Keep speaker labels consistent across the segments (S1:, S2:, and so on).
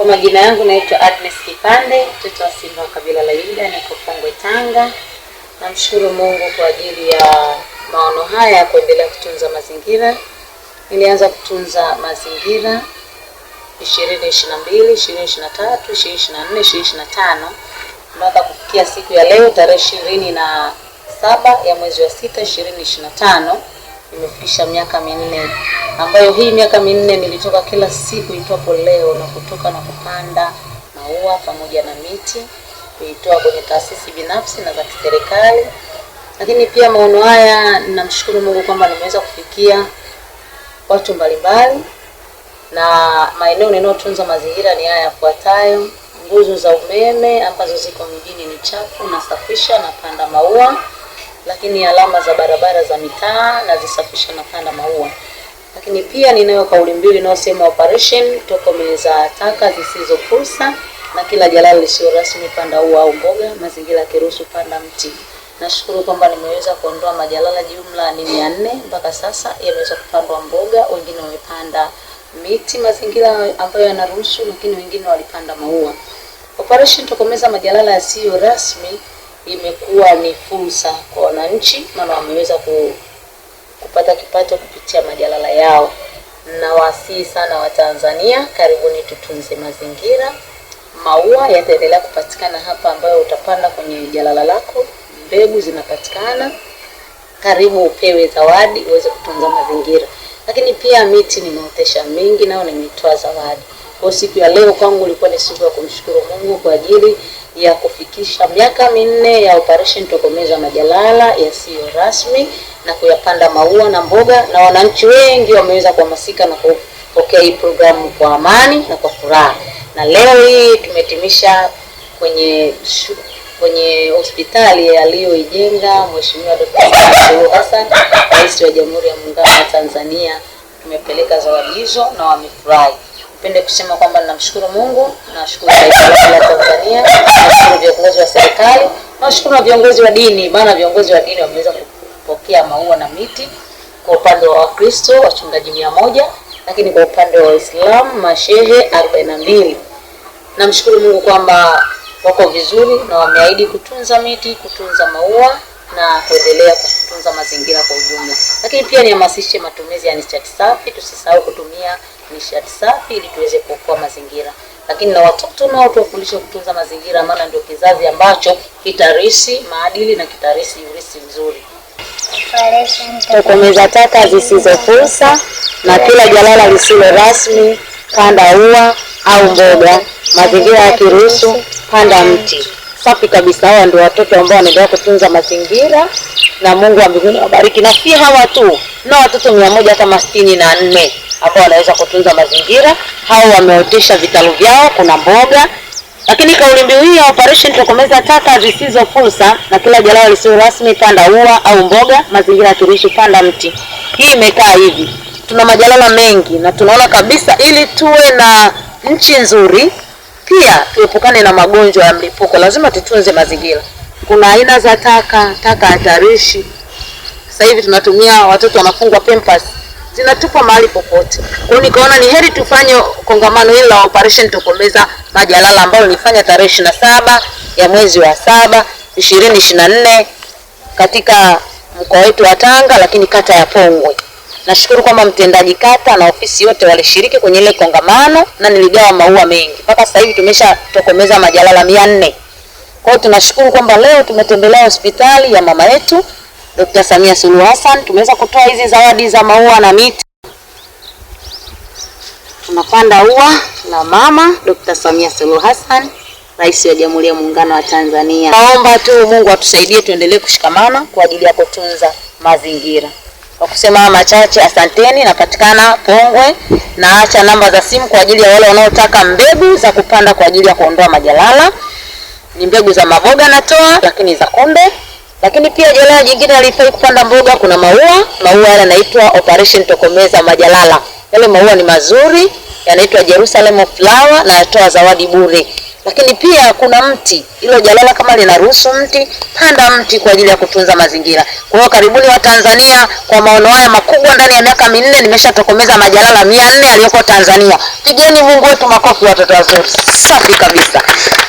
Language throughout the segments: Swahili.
S1: Kwa majina yangu naitwa Agnes Kipande, mtoto wa Simba wa kabila la Yuda, niko pongwe Tanga. Namshukuru Mungu kwa ajili ya maono haya ya kuendelea kutunza mazingira. Nilianza kutunza mazingira 2022, 2023, 2024, 2025 mpaka kufikia siku ya leo tarehe ishirini na saba ya mwezi wa sita 2025 imefikisha miaka minne, ambayo hii miaka minne nilitoka kila siku itwapo leo na kutoka na kupanda maua pamoja na miti kuitoa kwenye taasisi binafsi na za kiserikali. Lakini pia maono haya, namshukuru Mungu kwamba nimeweza kufikia watu mbalimbali, na maeneo ninayotunza mazingira ni haya yafuatayo: nguzo za umeme ambazo ziko mjini ni chafu, nasafisha, napanda maua lakini alama za barabara za mitaa na zisafisha makanda maua. Lakini pia ninayo kauli mbiu inayosema operation tokomeza taka zisizo fursa na kila jalala lisio rasmi, panda ua au mboga, mazingira yakiruhusu, panda mti. Nashukuru kwamba nimeweza kuondoa majalala, jumla ni mia nne mpaka sasa. Yameweza kupandwa mboga, wengine wamepanda miti mazingira ambayo yanaruhusu, lakini wengine walipanda maua. Operation tokomeza majalala yasiyo rasmi imekuwa ni fursa kwa wananchi, maana wameweza ku, kupata kipato kupitia majalala yao. Nawasihi sana Watanzania, karibuni tutunze mazingira. Maua yataendelea kupatikana hapa, ambayo utapanda kwenye jalala lako, mbegu zinapatikana karibu, upewe zawadi uweze kutunza mazingira. Lakini pia miti nimeotesha mingi, nao nimetoa zawadi. Kwa siku ya leo kwangu ilikuwa ni siku ya kumshukuru Mungu kwa ajili ya kufikisha miaka minne ya operation tokomeza majalala yasiyo rasmi na kuyapanda maua na mboga, na wananchi wengi wameweza kuhamasika na kupokea hii programu kwa amani na kwa furaha. Na leo hii tumetimisha kwenye kwenye hospitali aliyoijenga Mheshimiwa Dkt. Samia Suluhu Hassan, Rais wa Jamhuri ya Muungano wa Tanzania. Tumepeleka zawadi hizo na wamefurahi. Pende kusema kwamba namshukuru Mungu, nashukuru taifa la Tanzania, nashukuru viongozi wa serikali, nashukuru na viongozi wa dini. Maana viongozi wa dini wameweza kupokea maua na miti kwa upande wa Wakristo wachungaji mia moja, lakini kwa upande wa Waislamu mashehe arobaini na mbili. Namshukuru Mungu kwamba wako vizuri na wameahidi kutunza miti, kutunza maua na kuendelea kutunza mazingira kwa ujumla. Lakini pia nihamasishe matumizi ya nishati safi, tusisahau kutumia nishati safi ili tuweze kuokoa mazingira, lakini na watoto nao tuwafundishe kutunza mazingira, maana ndio kizazi ambacho kitarisi maadili na kitarisi urisi mzuri. Tokomeza taka fursa na kila jalala lisilo rasmi, panda ua au mboga, mazingira yakiruhusu panda mti. Safi kabisa. Hawa ndio watoto ambao wanaendelea kutunza mazingira na Mungu wa mbinguni awabariki, na si hawa tu na watoto mia moja kama sitini na nne ambao wanaweza kutunza mazingira. Hao wameotesha vitalu vyao, kuna mboga. Lakini kauli mbiu hii ya operation tokomeza taka zisizo fursa na kila jalala lisilo rasmi, panda ua au mboga, mazingira yatumishi, panda mti. Hii imekaa hivi, tuna majalala mengi na tunaona kabisa, ili tuwe na nchi nzuri, pia tuepukane na magonjwa ya mlipuko, lazima tutunze mazingira. Kuna aina za taka, taka hatarishi. Sasa hivi tunatumia, watoto wanafungwa pampers zinatupwa mahali popote. Kwa hiyo nikaona ni heri tufanye kongamano hili la operation tokomeza majalala ambalo nilifanya tarehe ishirini na saba ya mwezi wa saba ishirini ishirini na nne katika mkoa wetu wa Tanga, lakini kata ya Pongwe. Nashukuru kwamba mtendaji kata na ofisi yote walishiriki kwenye ile kongamano na niligawa maua mengi. Mpaka sasa hivi tumeshatokomeza majalala mia nne. Kwa hiyo tunashukuru kwamba leo tumetembelea hospitali ya mama yetu Dr. Samia Suluhu Hassan. Tumeweza kutoa hizi zawadi za maua na miti, tunapanda ua la mama Dr. Samia Suluhu Hassan, Rais wa Jamhuri ya Muungano wa Tanzania. Naomba tu Mungu atusaidie tuendelee kushikamana kwa ajili ya kutunza mazingira. Kwa kusema machache, asanteni. Napatikana Pongwe, naacha namba za simu kwa ajili ya wale wanaotaka mbegu za kupanda kwa ajili ya kuondoa majalala. Ni mbegu za maboga natoa, lakini za kunde lakini pia jalala jingine alifai kupanda mboga, kuna maua. Maua yale yanaitwa Operation Tokomeza Majalala. Yale maua ni mazuri, yanaitwa Jerusalem flower na yatoa zawadi bure. Lakini pia kuna mti, ilo jalala kama linaruhusu mti, panda mti kwa ajili ya kutunza mazingira. Kwa hiyo karibuni wa Tanzania kwa maono haya makubwa, ndani ya miaka minne nimeshatokomeza majalala 400 aliyoko Tanzania. Pigeni Mungu wetu makofi, watoto wazuri, safi kabisa.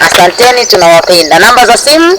S1: Asanteni, tunawapenda. Namba za simu